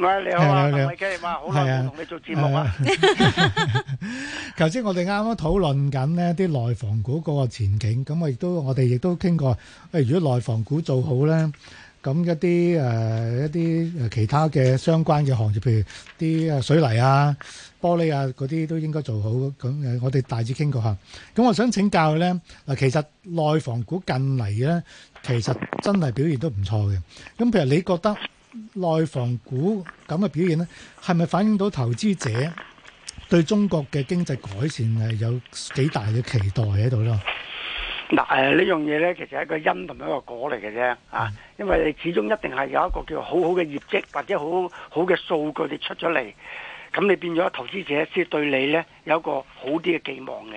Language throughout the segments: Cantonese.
唔係你好啊，吳偉基，哇，好耐冇同你做節目啊！頭先我哋啱啱討論緊呢啲內房股嗰個前景，咁我亦都我哋亦都傾過，誒，如果內房股做好咧，咁一啲誒一啲誒其他嘅相關嘅行業，譬如啲誒水泥啊、玻璃啊嗰啲，都應該做好。咁誒，我哋大致傾過下。咁我想請教咧，嗱，其實內房股近嚟咧，其實真係表現都唔錯嘅。咁譬如你覺得？內房股咁嘅表現呢，係咪反映到投資者對中國嘅經濟改善係有幾大嘅期待喺度咯？嗱，誒呢樣嘢呢，其實係一個因同一個果嚟嘅啫，啊，因為你始終一定係有一個叫好好嘅業績或者好好嘅數據你出咗嚟，咁你變咗投資者先對你呢，有一個好啲嘅寄望嘅。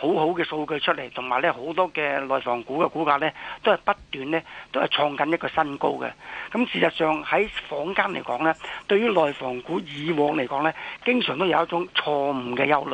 好好嘅數據出嚟，同埋咧好多嘅內房股嘅股價咧，都係不斷咧，都係創緊一個新高嘅。咁事實上喺坊間嚟講咧，對於內房股以往嚟講咧，經常都有一種錯誤嘅憂慮。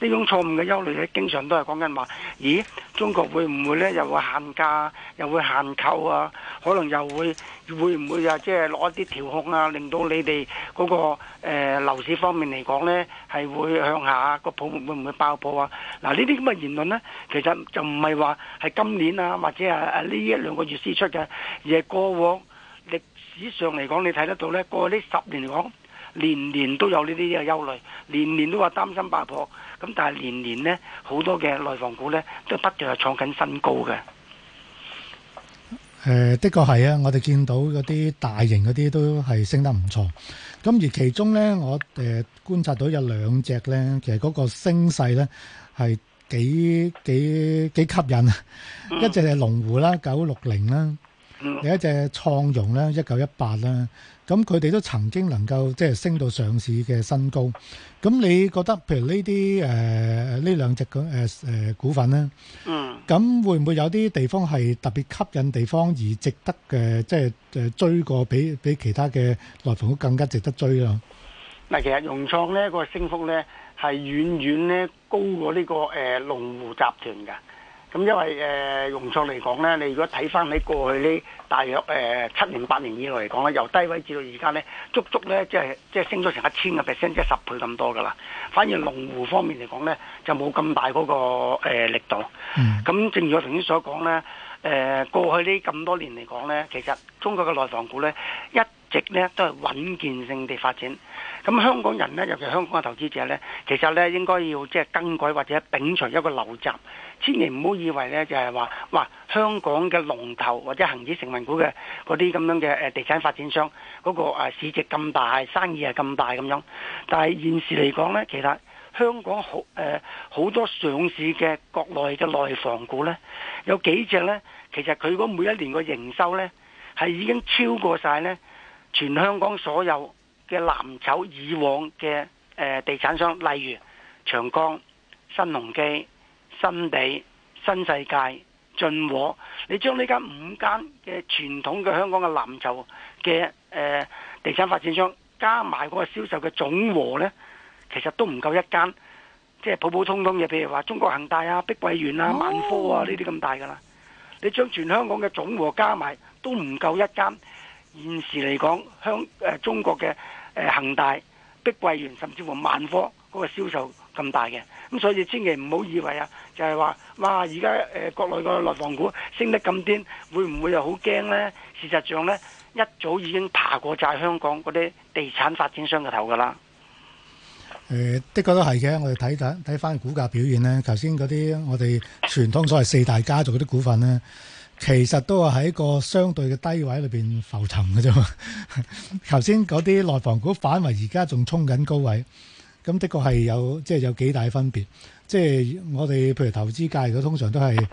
呢種錯誤嘅憂慮咧，經常都係講緊話，咦？中國會唔會咧又會限價，又會限購啊？可能又會會唔會啊？即係攞一啲調控啊，令到你哋嗰個、呃、樓市方面嚟講咧，係會向下，嗰個泡沫會唔會爆破啊？嗱、啊，呢啲。個言論咧，其實就唔係話係今年啊，或者係呢一兩個月先出嘅，而係過往歷史上嚟講，你睇得到咧，過去呢十年嚟講，年年都有呢啲嘅憂慮，年年都話擔心爆破，咁但係年年咧，好多嘅內房股咧，都不斷係創緊新高嘅。誒，的確係啊，我哋見到嗰啲大型嗰啲都係升得唔錯，咁而其中咧，我誒觀察到有兩隻咧，其實嗰個升勢咧係。幾幾幾吸引啊！一隻係龍湖啦，九六零啦，有隻創融啦，一九一八啦，咁佢哋都曾經能夠即係升到上市嘅新高。咁你覺得譬如呢啲誒呢兩隻股誒誒股份咧，咁、嗯、會唔會有啲地方係特別吸引地方而值得嘅，即係誒追過比比其他嘅內房股更加值得追咯？嗱，其實融創咧個升幅咧係遠遠咧。高過呢、這個誒、呃、龍湖集團嘅，咁因為誒融創嚟講咧，你如果睇返你過去呢，大約誒、呃、七年八年以來嚟講咧，由低位至到而家咧，足足咧即係即係升咗成一千個 percent，即係十倍咁多㗎喇。反而龍湖方面嚟講咧，就冇咁大嗰、那個、呃、力度。咁、嗯、正如我頭先所講咧，誒、呃、過去呢咁多年嚟講咧，其實中國嘅內房股咧，一直咧都係穩健性地發展。咁香港人呢，尤其香港嘅投資者呢，其實呢應該要即係更改或者摒除一個陋習，千祈唔好以為呢就係、是、話，哇！香港嘅龍頭或者恒指成分股嘅嗰啲咁樣嘅地產發展商嗰那個市值咁大，生意係咁大咁樣。但係現時嚟講呢，其實香港好誒好、呃、多上市嘅國內嘅內房股呢，有幾隻呢，其實佢嗰每一年嘅營收呢係已經超過晒呢全香港所有。嘅藍籌以往嘅誒、呃、地產商，例如長江、新鴻基、新地、新世界、駿和，你將呢間五間嘅傳統嘅香港嘅藍籌嘅誒地產發展商加埋嗰個銷售嘅總和呢，其實都唔夠一間，即係普普通通嘅，譬如話中國恒大啊、碧桂園啊、萬科啊呢啲咁大噶啦，你將全香港嘅總和加埋都唔夠一間，現時嚟講香誒中國嘅。誒恒大、碧桂園甚至乎萬科嗰個銷售咁大嘅，咁所以千祈唔好以為啊，就係話哇！而家誒國內嘅內房股升得咁癲，會唔會又好驚呢？事實上呢，一早已經爬過晒香港嗰啲地產發展商嘅頭噶啦。誒，的確都係嘅。我哋睇睇睇翻股價表現呢。頭先嗰啲我哋傳統所謂四大家族嗰啲股份呢。其實都係喺個相對嘅低位裏邊浮沉嘅啫。頭先嗰啲內房股反為而家仲衝緊高位，咁的確係有即係、就是、有幾大分別。即、就、係、是、我哋譬如投資界，佢通常都係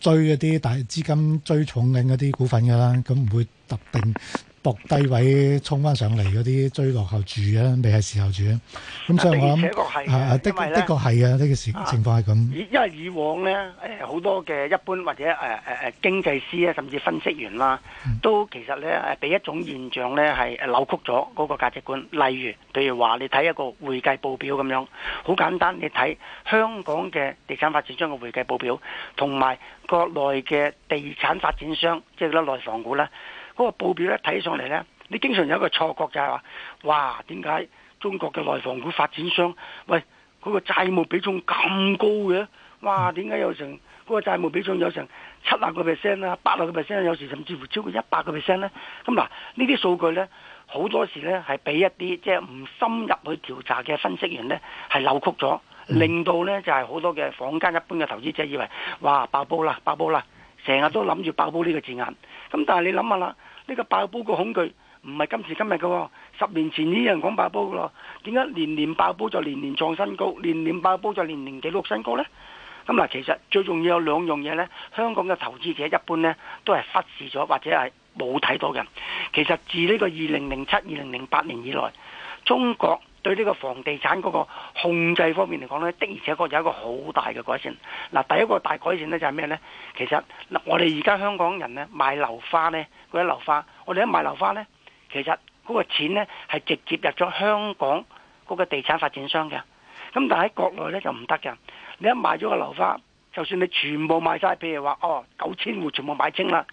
追一啲大資金追重緊嗰啲股份㗎啦，咁唔會特定。搏低位衝翻上嚟嗰啲追落後住啊，未係時候住啊。咁所以我諗啊，的的確係啊，呢個情況係咁。因為以往呢，誒好多嘅一般或者誒誒誒經濟師咧，甚至分析員啦、啊，都其實咧俾一種現象咧係扭曲咗嗰個價值觀。例如，譬如話你睇一個會計報表咁樣，好簡單，你睇香港嘅地產發展商嘅會計報表，同埋國內嘅地產發展商，即係嗰啲內房股咧。嗰個報表咧睇上嚟咧，你經常有一個錯覺就係話，哇，點解中國嘅內房股發展商，喂，嗰個債務比重咁高嘅？哇，點解有成嗰個債務比重有成七啊個 percent 啊，八啊個 percent，有時甚至乎超過一百個 percent 咧？咁嗱，呢啲數據咧好多時咧係俾一啲即係唔深入去調查嘅分析員咧係扭曲咗，令到咧就係好多嘅坊間一般嘅投資者以為，哇，爆煲啦，爆煲啦，成日都諗住爆煲呢個字眼。咁但係你諗下啦。呢個爆煲個恐懼唔係今時今日嘅喎，十年前啲人講爆煲嘅咯，點解年年爆煲就年年創新高，年年爆煲就年年記錄新高呢？咁嗱，其實最重要有兩樣嘢咧，香港嘅投資者一般咧都係忽視咗或者係冇睇到嘅。其實自呢個二零零七、二零零八年以來，中國。對呢個房地產嗰個控制方面嚟講呢，的而且確有一個好大嘅改善。嗱，第一個大改善呢就係咩呢？其實嗱，我哋而家香港人呢，買樓花呢，嗰啲樓花，我哋一買樓花呢，其實嗰個錢呢係直接入咗香港嗰個地產發展商嘅。咁但係國內呢就唔得嘅。你一買咗個樓花，就算你全部賣晒，譬如話哦九千戶全部買清啦，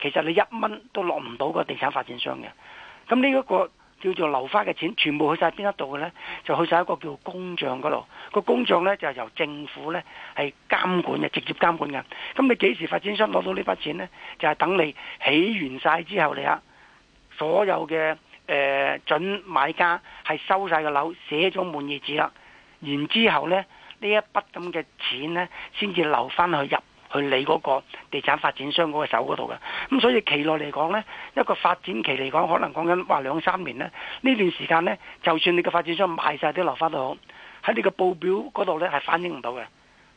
其實你一蚊都落唔到個地產發展商嘅。咁呢一個。叫做留翻嘅錢，全部去晒邊一度嘅呢？就去晒一個叫公賬嗰度。個公賬呢，就是、由政府呢係監管嘅，直接監管嘅。咁你幾時發展商攞到呢筆錢呢？就係、是、等你起完晒之後，你啊所有嘅誒、呃、準買家係收晒個樓，寫咗滿意字啦。然之後呢，呢一筆咁嘅錢呢，先至留翻去入。去你嗰個地產發展商嗰個手嗰度嘅，咁所以期內嚟講咧，一個發展期嚟講，可能講緊話兩三年咧，呢段時間咧，就算你個發展商賣晒啲樓花都好，喺你個報表嗰度咧係反映唔到嘅，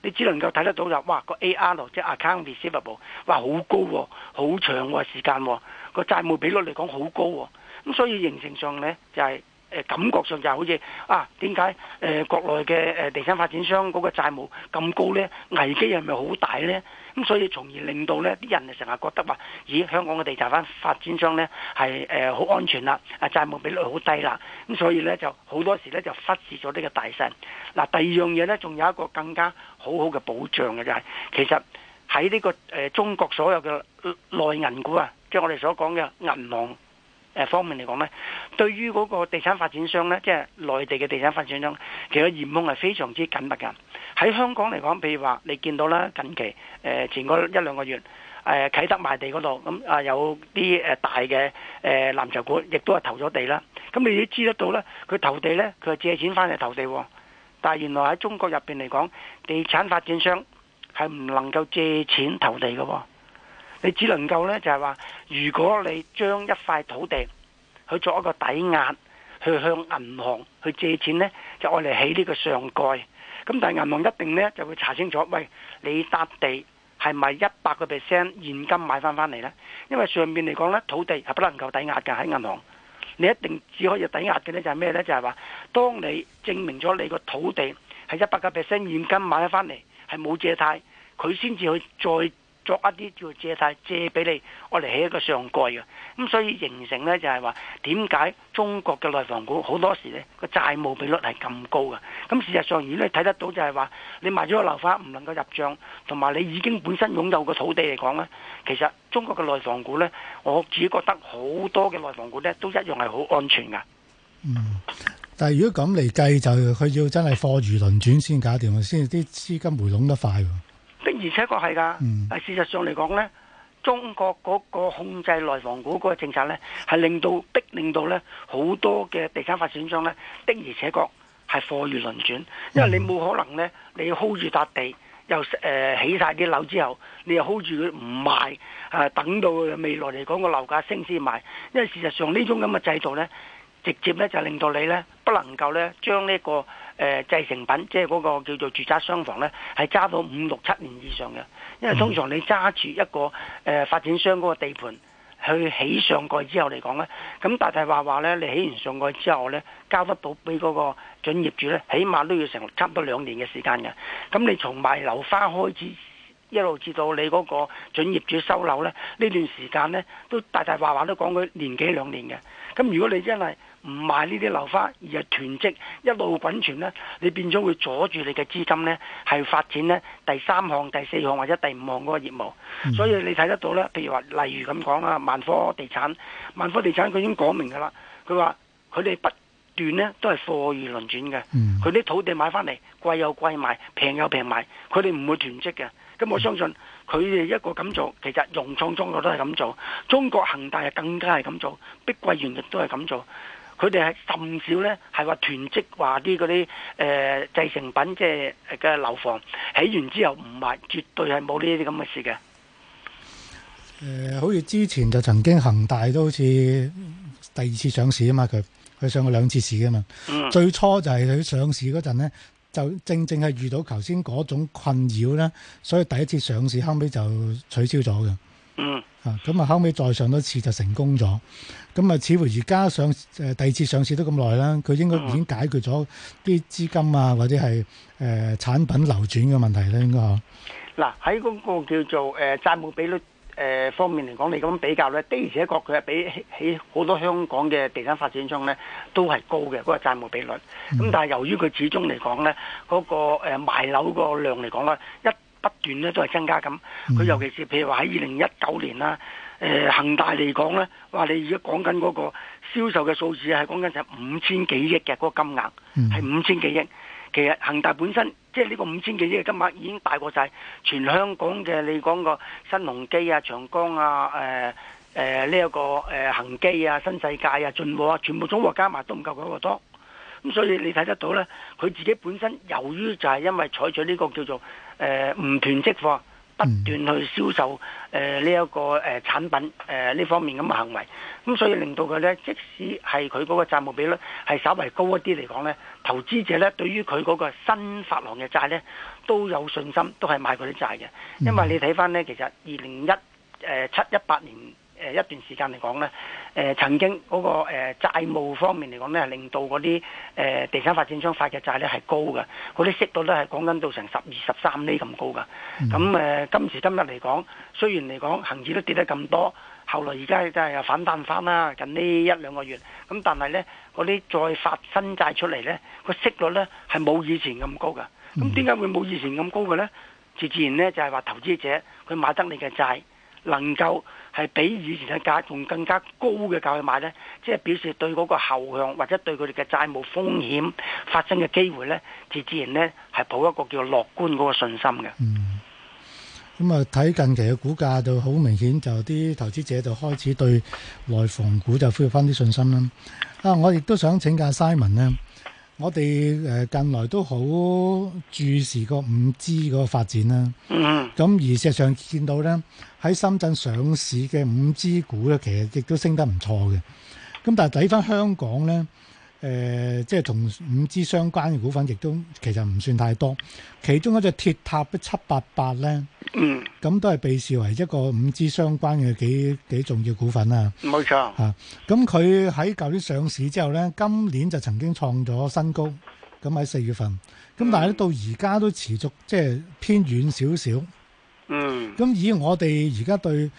你只能夠睇得到就是、哇個 AR 即係 account receivable 哇好高喎、啊，好長喎、啊、時間喎、啊，個債務比率嚟講好高喎、啊，咁所以形成上咧就係、是。感覺上就係好似啊，點解誒國內嘅地產發展商嗰個債務咁高呢？危機係咪好大呢？咁所以從而令到呢啲人成日覺得話：咦，香港嘅地產發展商呢係好安全啦，債務比率好低啦。咁所以呢，就好多時呢就忽視咗呢個大勢。嗱，第二樣嘢呢，仲有一個更加好好嘅保障嘅就係，其實喺呢個中國所有嘅內銀股啊，即係我哋所講嘅銀行方面嚟講呢。對於嗰個地產發展商咧，即係內地嘅地產發展商，其實現況係非常之緊密嘅。喺香港嚟講，譬如話你見到啦，近期誒前個一兩個月誒啟德賣地嗰度，咁啊有啲誒大嘅誒藍籌股，亦都係投咗地啦。咁你都知得到咧，佢投地咧，佢係借錢翻嚟投地。但係原來喺中國入邊嚟講，地產發展商係唔能夠借錢投地嘅。你只能夠咧就係話，如果你將一塊土地，佢作一個抵押去向銀行去借錢呢，就愛嚟起呢個上蓋。咁但係銀行一定呢就會查清楚，喂，你搭地係咪一百個 percent 現金買翻翻嚟呢？因為上面嚟講呢，土地係不能夠抵押嘅喺銀行。你一定只可以抵押嘅呢，就係咩呢？就係話，當你證明咗你個土地係一百個 percent 現金買咗翻嚟，係冇借貸，佢先至去再。作一啲叫借貸借俾你，我嚟起一個上蓋嘅，咁所以形成呢就是，就係話，點解中國嘅內房股好多時呢個債務比率係咁高嘅？咁事實上，如果你睇得到就係話，你賣咗個樓花唔能夠入賬，同埋你已經本身擁有個土地嚟講呢，其實中國嘅內房股呢，我自己覺得好多嘅內房股呢都一樣係好安全嘅。嗯，但係如果咁嚟計就佢要真係貨如輪轉先搞掂，先啲資金回籠得快。的而且確係㗎，但係事實上嚟講咧，中國嗰個控制內房股嗰個政策咧，係令到逼，令到咧好多嘅地產發展商咧，的而且確係貨如輪轉，因為你冇可能咧，你 hold 住笪地，又誒起曬啲樓之後，你又 hold 住佢唔賣，誒等到未來嚟講個樓價升先賣，因為事實上呢種咁嘅制度咧，直接咧就令到你咧不能夠咧將呢個，誒、呃、製成品，即係嗰個叫做住宅商房呢係揸到五六七年以上嘅，因為通常你揸住一個誒、呃、發展商嗰個地盤去起上蓋之後嚟講呢，咁大大話話呢，你起完上蓋之後呢，交得到俾嗰個準業主呢，起碼都要成差唔多兩年嘅時間嘅。咁你從賣樓花開始，一路至到你嗰個準業主收樓呢，呢段時間呢，都大大話話都講佢年幾兩年嘅。咁如果你真係，唔賣呢啲樓花，而係囤積一路滾存呢，你變咗會阻住你嘅資金呢，係發展呢，第三項、第四項或者第五項嗰個業務。嗯、所以你睇得到呢，譬如話例如咁講啦，萬科地產，萬科地產佢已經講明噶啦，佢話佢哋不斷呢都係貨如輪轉嘅，佢、嗯、啲土地買翻嚟貴又貴賣，平又平賣，佢哋唔會囤積嘅。咁我相信佢哋一個咁做，其實融創中國都係咁做，中國恒大又更加係咁做，碧桂園亦都係咁做。佢哋係甚少咧，係話囤積話啲嗰啲誒製成品，即係嘅樓房起完之後唔賣，絕對係冇呢啲咁嘅事嘅。誒、呃，好似之前就曾經恒大都好似第二次上市啊嘛，佢佢上過兩次市啊嘛、嗯。最初就係佢上市嗰陣咧，就正正係遇到頭先嗰種困擾咧，所以第一次上市後尾就取消咗嘅。嗯，啊，咁啊，後尾再上多次就成功咗，咁啊，似乎而家上誒第二次上市都咁耐啦，佢應該已經解決咗啲資金啊，或者係誒產品流轉嘅問題咧，應該嗬。嗱，喺嗰個叫做誒債務比率誒方面嚟講，你咁比較咧，的而且確佢係比起好多香港嘅地產發展商咧都係高嘅嗰個債務比率。咁但係由於佢始終嚟講咧嗰個誒賣樓個量嚟講咧一。不斷咧都係增加咁，佢尤其是譬如話喺二零一九年啦，誒、呃、恒大嚟講咧，哇！你而家講緊嗰個銷售嘅數字係講緊就五千幾億嘅嗰、那個金額，係、嗯、五千幾億。其實恒大本身即係呢個五千幾億嘅金額已經大過晒全香港嘅你講個新鴻基啊、長江啊、誒呢一個誒恆、呃、基啊、新世界啊、進和啊，全部總和加埋都唔夠嗰個多。咁所以你睇得到咧，佢自己本身由於就係因為採取呢個叫做。誒、呃、唔囤積貨，不斷去銷售誒呢一個誒、呃、產品誒呢、呃、方面咁嘅行為，咁、呃、所以令到佢咧，即使係佢嗰個債務比率係稍為高一啲嚟講，呢投資者咧對於佢嗰個新發行嘅債咧都有信心，都係買嗰啲債嘅，因為你睇翻呢，其實二零一誒七一八年。誒一段時間嚟講呢，誒曾經嗰個誒債務方面嚟講呢，係令到嗰啲誒地產發展商發嘅債呢係高嘅，嗰啲息率呢係講緊到成十二十三厘咁高噶。咁誒今時今日嚟講，雖然嚟講恒指都跌得咁多，後來而家亦都係又反彈翻啦。近呢一兩個月咁，但係呢嗰啲再發新債出嚟呢，個息率呢係冇以前咁高噶。咁點解會冇以前咁高嘅呢？就自然呢就係話投資者佢買得你嘅債能夠，係比以前嘅價仲更加高嘅價去買呢，即係表示對嗰個後向或者對佢哋嘅債務風險發生嘅機會呢，自自然呢，係抱一個叫樂觀嗰個信心嘅。嗯，咁啊睇近期嘅股價就好明顯，就啲投資者就開始對內房股就恢復翻啲信心啦。啊，我亦都想請教 Simon 咧。我哋誒近來都好注視個五 G 嗰個發展啦，咁、嗯、而事實上見到咧，喺深圳上市嘅五 G 股咧，其實亦都升得唔錯嘅。咁但係睇返香港咧。誒、呃，即係同 5G 相關嘅股份，亦都其實唔算太多。其中一隻鐵塔嘅七八八咧，嗯，咁都係被視為一個 5G 相關嘅幾幾重要股份啊。冇錯，嚇、啊。咁佢喺舊年上市之後咧，今年就曾經創咗新高。咁喺四月份，咁但係咧到而家都持續即係偏軟少少。嗯。咁以我哋而家對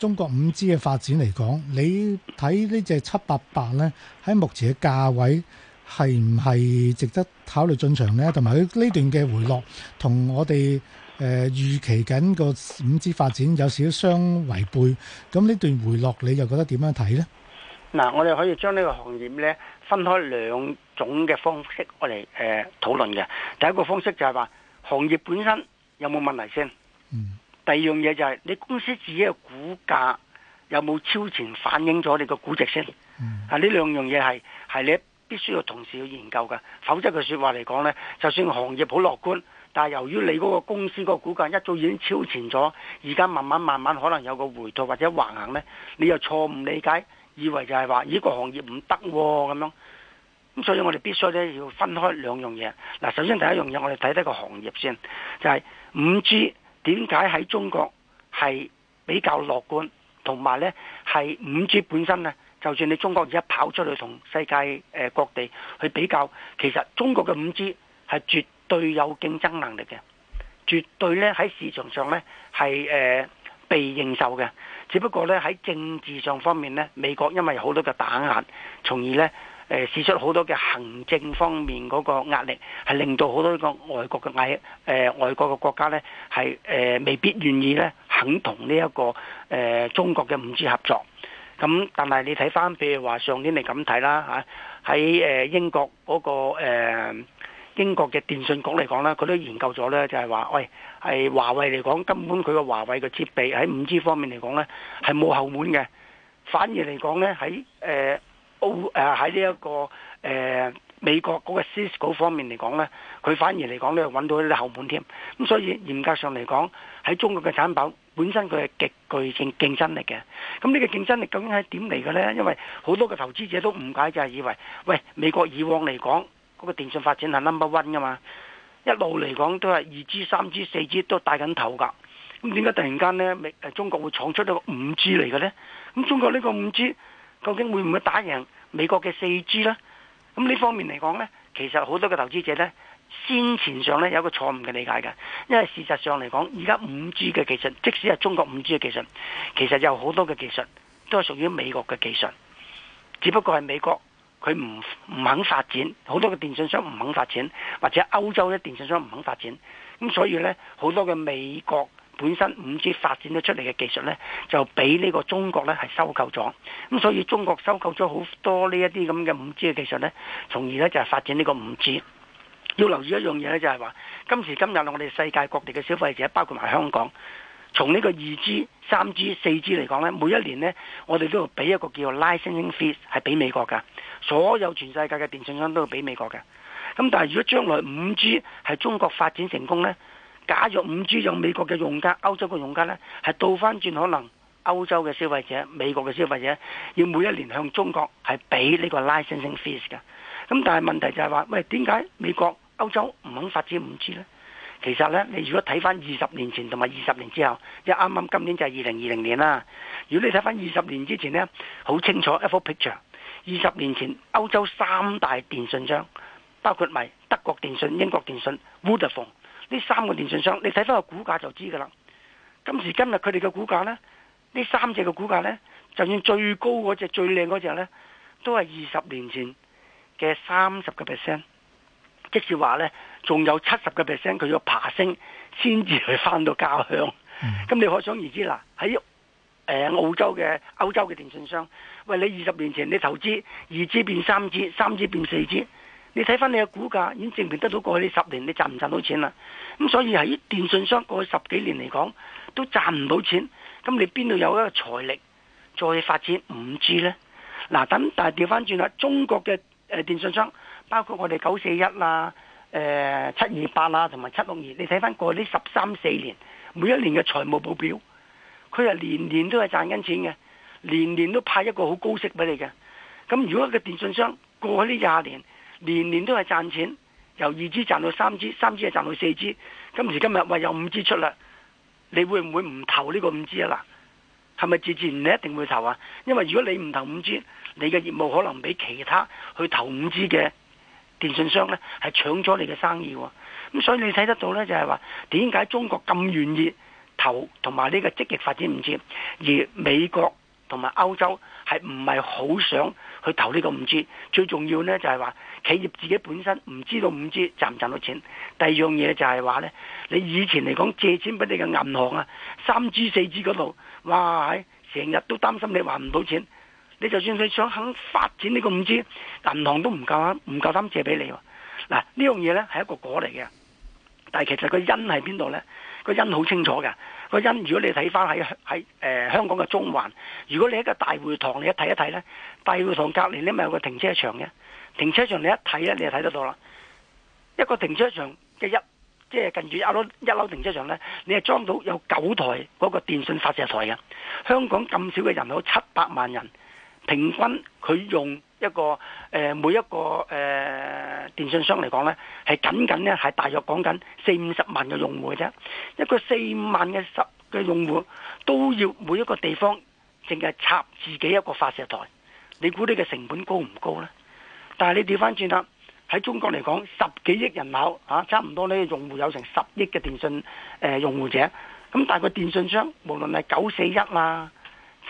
中國五 G 嘅發展嚟講，你睇呢隻七八八呢，喺目前嘅價位係唔係值得考慮進場呢？同埋佢呢段嘅回落，同我哋誒、呃、預期緊個五 G 發展有少少相違背。咁呢段回落，你又覺得點樣睇呢？嗱，我哋可以將呢個行業呢，分開兩種嘅方式，我嚟誒討論嘅。第一個方式就係話，行業本身有冇問題先？第二樣嘢就係你公司自己嘅股價有冇超前反映咗你個估值先？啊、嗯，呢兩樣嘢係係你必須要同時要研究㗎，否則嘅說話嚟講呢，就算行業好樂觀，但係由於你嗰個公司個股價一早已經超前咗，而家慢慢慢慢可能有個回吐或者橫行呢，你又錯誤理解，以為就係話呢個行業唔得咁樣。咁所以我哋必須咧要分開兩樣嘢。嗱，首先第一樣嘢我哋睇睇個行業先，就係五 G。點解喺中國係比較樂觀，同埋呢係五 G 本身呢，就算你中國而家跑出去同世界誒各、呃、地去比較，其實中國嘅五 G 係絕對有競爭能力嘅，絕對呢喺市場上呢係誒、呃、被認受嘅，只不過呢喺政治上方面呢，美國因為好多嘅打壓，從而呢。誒試出好多嘅行政方面嗰個壓力，係令到好多呢個外國嘅外、呃、外國嘅國家呢，係、呃、未必願意呢肯同呢、這、一個誒、呃、中國嘅五 G 合作。咁但係你睇翻，譬如話上年你咁睇啦吓，喺英國嗰、那個、呃、英國嘅電信局嚟講呢佢都研究咗呢，就係、是、話，喂，係華為嚟講，根本佢個華為嘅設備喺五 G 方面嚟講呢，係冇後門嘅，反而嚟講呢，喺誒。呃澳喺呢一個誒、呃、美國嗰個 Cisco 方面嚟講咧，佢反而嚟講咧搵到啲後門添。咁所以嚴格上嚟講，喺中國嘅產品本身佢係極具競競爭力嘅。咁呢個競爭力究竟係點嚟嘅咧？因為好多嘅投資者都誤解就係以為，喂，美國以往嚟講嗰、嗰個電信發展係 number one 噶嘛，一路嚟講都係二 G、三 G、四 G 都帶緊頭㗎。咁點解突然間咧中國會闖出一個五 G 嚟嘅咧？咁中國呢個五 G，究竟會唔會打贏美國嘅 4G 呢？咁呢方面嚟講呢，其實好多嘅投資者呢，先前上呢有一個錯誤嘅理解嘅，因為事實上嚟講，而家 5G 嘅技術，即使係中國 5G 嘅技術，其實有好多嘅技術都係屬於美國嘅技術，只不過係美國佢唔唔肯發展，好多嘅電信商唔肯發展，或者歐洲啲電信商唔肯發展，咁所以呢，好多嘅美國。本身五 G 發展得出嚟嘅技術呢，就俾呢個中國呢係收購咗，咁所以中國收購咗好多呢一啲咁嘅五 G 嘅技術呢，從而呢就係、是、發展呢個五 G。要留意一樣嘢呢，就係話今時今日我哋世界各地嘅消費者，包括埋香港，從呢個二 G、三 G、四 G 嚟講呢，每一年呢，我哋都要俾一個叫做 licensing fees 係俾美國嘅，所有全世界嘅電信商都要俾美國嘅。咁但係如果將來五 G 係中國發展成功呢。假若五 G 有美國嘅用家，歐洲嘅用家呢，係倒翻轉，可能歐洲嘅消費者、美國嘅消費者要每一年向中國係俾呢個 licensing fees 㗎。咁但係問題就係、是、話，喂，點解美國、歐洲唔肯發展五 G 呢？其實呢，你如果睇翻二十年前同埋二十年之後，即係啱啱今年就係二零二零年啦。如果你睇翻二十年之前呢，好清楚一幅 picture。二十年前歐洲三大電信商，包括埋德國電信、英國電信、Vodafone 呢三個電信商，你睇翻個股價就知㗎啦。今時今日佢哋嘅股價呢，呢三隻嘅股價呢，就算最高嗰隻最靚嗰隻呢，都係二十年前嘅三十個 percent。即是話呢，仲有七十個 percent 佢要爬升先至去翻到家鄉。咁、嗯、你可想而知啦，喺澳洲嘅歐洲嘅電信商，喂，你二十年前你投資二支變三支，三支變四支。你睇翻你嘅股價，已經證明得到過去呢十年你賺唔賺到錢啦。咁所以喺電信商過去十幾年嚟講，都賺唔到錢。咁你邊度有一個財力再發展五 G 呢？嗱，等但係調翻轉啦，中國嘅、呃、電信商，包括我哋九四一啦誒七二八啊同埋七六二，728, 762, 你睇翻過去呢十三四年每一年嘅財務報表，佢係年年都係賺緊錢嘅，年年都派一個好高息俾你嘅。咁如果個電信商過去呢廿年，年年都係賺錢，由二 G 賺到三 G，三 G 又賺到四 G，今時今日話有五 G 出啦，你會唔會唔投呢個五 G 啊？嗱，係咪自然你一定會投啊？因為如果你唔投五 G，你嘅業務可能俾其他去投五 G 嘅電信商咧，係搶咗你嘅生意喎。咁所以你睇得到咧，就係話點解中國咁願意投同埋呢個積極發展五 G，而美國同埋歐洲係唔係好想？去投呢個五 G，最重要呢就係話企業自己本身唔知道五 G 賺唔賺到錢。第二樣嘢就係話呢，你以前嚟講借錢俾你嘅銀行啊，三 G 四 G 嗰度，哇成日都擔心你還唔到錢。你就算你想肯發展呢個五 G，銀行都唔夠唔夠膽借俾你啊。嗱呢樣嘢呢係一個果嚟嘅，但係其實個因喺邊度呢？個因好清楚嘅。個因如果你睇翻喺喺香港嘅中環，如果你喺個大會堂，你一睇一睇咧，大會堂隔離咧咪有個停車場嘅。停車場你一睇咧，你就睇得到啦。一個停車場嘅一，即係近住一樓一樓停車場咧，你係裝到有九台嗰個電信發射台嘅。香港咁少嘅人口，七百萬人。平均佢用一個誒、呃，每一個誒、呃、電信商嚟講呢係僅僅呢係大約講緊四五十萬嘅用戶嘅啫。一個四五萬嘅十嘅用戶都要每一個地方淨係插自己一個發射台，你估你嘅成本高唔高呢？但係你調翻轉啦，喺中國嚟講，十幾億人口啊，差唔多呢用戶有成十億嘅電信誒、呃、用戶者，咁但係個電信商無論係九四一啊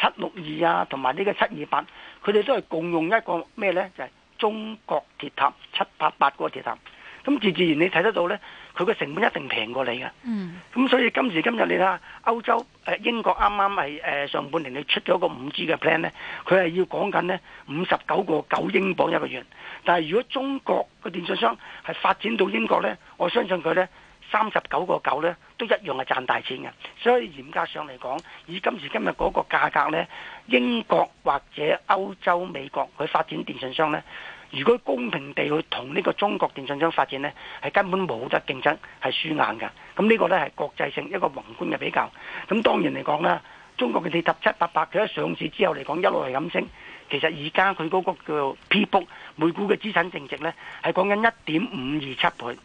七六二啊，同埋呢個七二八，佢哋都係共用一個咩呢？就係中國鐵塔七八八個鐵塔。咁自自然你睇得到呢，佢個成本一定平過你嘅。嗯。咁所以今時今日你睇下歐洲誒英國啱啱係誒上半年你出咗個五 G 嘅 plan 呢，佢係要講緊呢五十九個九英鎊一個月。但係如果中國嘅電信商係發展到英國呢，我相信佢呢三十九個九呢。都一樣係賺大錢嘅，所以嚴格上嚟講，以今時今日嗰個價格呢，英國或者歐洲、美國去發展電信商呢，如果公平地去同呢個中國電信商發展呢，係根本冇得競爭，係輸硬㗎。咁呢個呢，係國際性一個宏觀嘅比較。咁當然嚟講咧，中國嘅哋七七八百，佢一上市之後嚟講一路係咁升，其實而家佢嗰個叫做 P book 每股嘅資產淨值呢，係講緊一點五二七倍。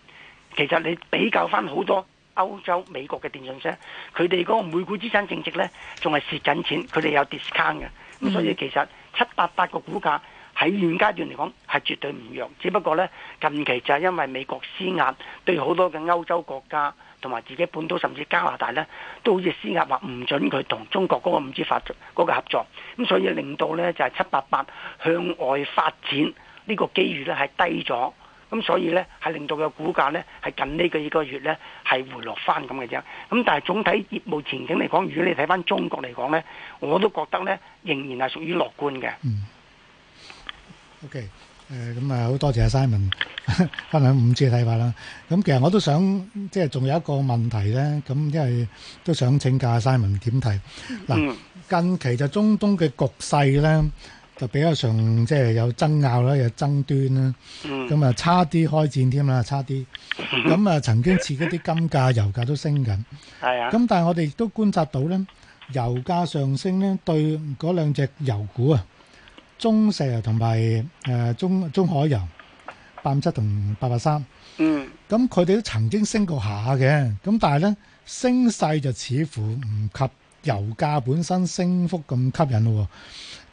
其實你比較翻好多，歐洲、美國嘅電信商，佢哋嗰個每股資產淨值呢，仲係蝕緊錢，佢哋有 discount 嘅。咁、嗯、所以其實七八八個股價喺現階段嚟講係絕對唔弱，只不過呢，近期就係因為美國施壓對好多嘅歐洲國家同埋自己本土甚至加拿大呢，都好似施壓話唔準佢同中國嗰個五 G 發嗰個合作，咁所以令到呢，就係、是、七八八向外發展呢、這個機遇呢，係低咗。咁所以咧，係令到嘅股價咧，係近呢幾個月咧，係回落翻咁嘅啫。咁但係總體業務前景嚟講，如果你睇翻中國嚟講咧，我都覺得咧，仍然係屬於樂觀嘅。嗯。OK。誒，咁啊，好多謝阿 Simon 分享五次嘅睇法啦。咁其實我都想即係仲有一個問題咧，咁因為都想請教阿 Simon 點睇嗱，近期就中東嘅局勢咧。就比較上即係有爭拗啦，有爭端啦，咁、嗯、啊差啲開戰添啦，差啲。咁 啊曾經刺激啲金價、油價都升緊。係啊。咁但係我哋亦都觀察到咧，油價上升咧，對嗰兩隻油股啊，中石油同埋中中海油八五七同八八三。883，嗯。咁佢哋都曾經升過下嘅，咁但係咧升勢就似乎唔及油價本身升幅咁吸引咯。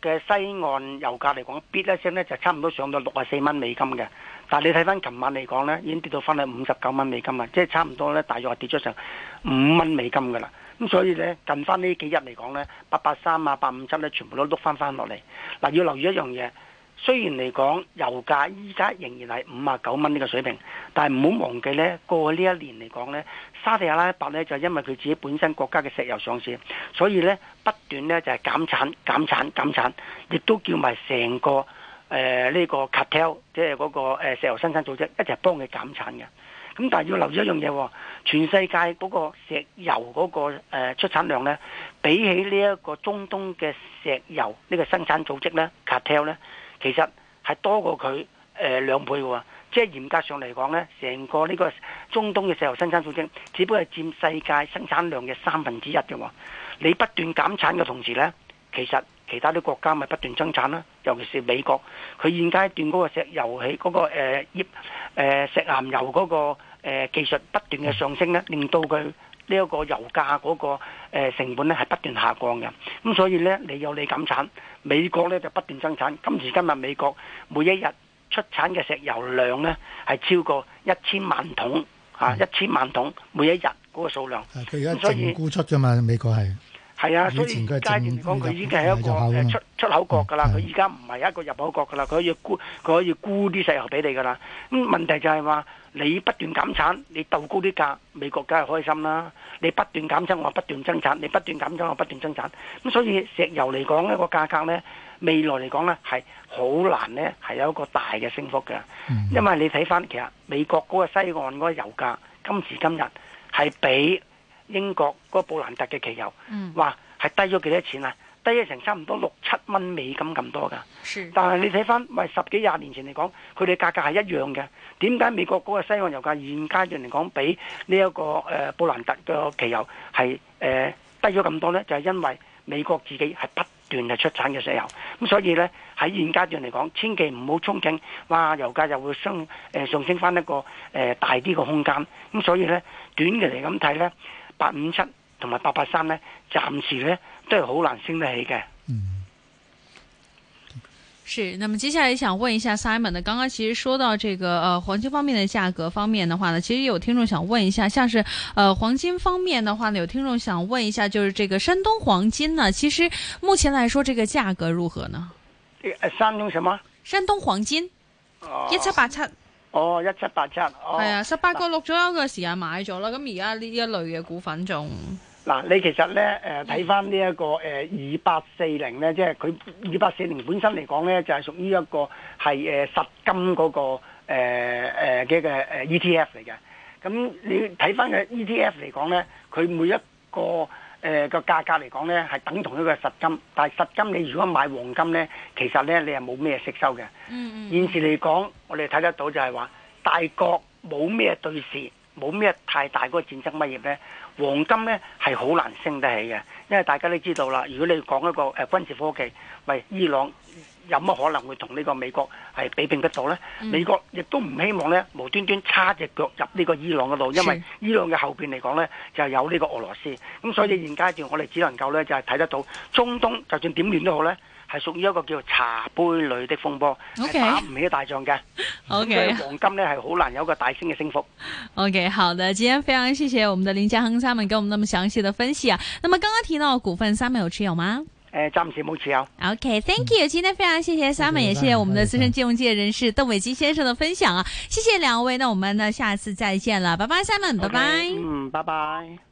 嘅西岸油價嚟講，咇一聲呢就差唔多上到六十四蚊美金嘅，但係你睇翻琴晚嚟講呢，已經跌到翻去五十九蚊美金啊，即係差唔多呢，大約係跌咗成五蚊美金噶啦。咁所以呢，近翻呢幾日嚟講呢，八八三啊、八五七呢，全部都碌翻翻落嚟。嗱，要留意一樣嘢。雖然嚟講，油價依家仍然係五啊九蚊呢個水平，但係唔好忘記咧，過去呢一年嚟講呢，沙地阿拉伯呢就因為佢自己本身國家嘅石油上市，所以呢不斷呢就係、是、減產、減產、減產，亦都叫埋成個誒呢、呃呢個 cartel 即係嗰個石油生產組織，一齊幫佢減產嘅。咁但係要留意一樣嘢，全世界嗰個石油嗰個出產量呢，比起呢一個中東嘅石油呢個生產組織呢 cartel 呢。其實係多過佢兩、呃、兩倍嘅喎，即係嚴格上嚟講呢，成個呢個中東嘅石油生產數字，只不過係佔世界生產量嘅三分之一嘅喎。你不斷減產嘅同時呢，其實其他啲國家咪不斷增產啦，尤其是美國，佢現階段嗰個石油係嗰、那個、呃呃、頁岩油嗰、那個、呃、技術不斷嘅上升呢，令到佢。呢、這、一個油價嗰個誒成本咧係不斷下降嘅，咁所以呢，你有你減產，美國呢就不斷增產。今時今日美國每一日出產嘅石油量呢係超過一千萬桶、嗯、啊，一千萬桶每一日嗰個數量。佢而家正估出㗎嘛，美國係。係啊，所以階段嚟講，佢已經係一個出出口國㗎啦。佢而家唔係一個入口國㗎啦，佢可以沽，佢可以沽啲石油俾你㗎啦。咁問題就係話，你不斷減產，你鬥高啲價，美國梗係開心啦。你不斷減產，我不斷增產；你不斷減產，我不斷增產。咁所以石油嚟講呢、呢個價格呢，未來嚟講呢，係好難呢，係有一個大嘅升幅嘅、嗯，因為你睇翻其實美國嗰個西岸嗰個油價今時今日係比。英國嗰個布蘭特嘅汽油，話係低咗幾多錢啊？低咗成差唔多六七蚊美金咁多㗎。但係你睇翻，咪十幾廿年前嚟講，佢哋價格係一樣嘅。點解美國嗰個西岸油價現階段嚟講，比呢一個誒布蘭特嘅汽油係誒低咗咁多呢？就係因為美國自己係不斷係出產嘅石油，咁所以呢，喺現階段嚟講，千祈唔好憧憬，哇！油價又會升誒上升翻一個誒、呃、大啲嘅空間。咁所以呢，短期嚟咁睇呢。八五七同埋八八三呢，暫時呢都係好難升得起嘅。嗯，是。那麼接下來想問一下 Simon 呢？剛剛其實說到這個，呃，黃金方面的價格方面的話呢，其實有聽眾想問一下，像是，呃，黃金方面的話呢，有聽眾想問一下，就是這個山東黃金呢，啊，其實目前來說，這個價格如何呢？誒，山東什麼？山東黃金？哦，一七八七。哦，一七八七，哦，係啊，十八個六左右嘅時間買咗啦，咁而家呢一類嘅股份仲嗱、啊，你其實咧誒睇翻呢一個誒二八四零咧，即係佢二八四零本身嚟講咧就係屬於一個係誒實金嗰、那個誒誒嘅嘅誒 E T F 嚟嘅。咁、呃呃、你睇翻個 E T F 嚟講咧，佢每一個。誒、呃、個價格嚟講呢，係等同一個實金，但係實金你如果買黃金呢，其實呢，你係冇咩息收嘅。嗯嗯，現時嚟講，我哋睇得到就係話，大國冇咩對峙，冇咩太大嗰個戰爭乜嘢呢，黃金呢，係好難升得起嘅，因為大家都知道啦，如果你講一個誒、呃、軍事科技，喂伊朗，有乜可能會同呢個美國係比拼得到呢？嗯、美國亦都唔希望呢無端端叉隻腳入呢個伊朗嘅度，因為伊朗嘅後邊嚟講呢，就有呢個俄羅斯。咁所以現階段我哋只能夠呢，就係、是、睇得到，中東就算點亂都好呢，係屬於一個叫做茶杯裏的風波，okay, 打唔起大仗嘅。咁、okay, 所以黃金呢係好難有一個大升嘅升幅。OK，好的，今天非常謝謝我們的林家亨先生，給我們的咁詳細的分析啊。那麼剛剛提到股份，三有持有嗎？誒、呃，暫時冇持有。OK，Thank you，今天非常謝謝 Sammy，也謝謝我們的資深金融界人士鄧偉基先生的分享啊！謝謝兩位，那我們呢下次再見了。拜拜，Sammy，拜拜，嗯，拜拜。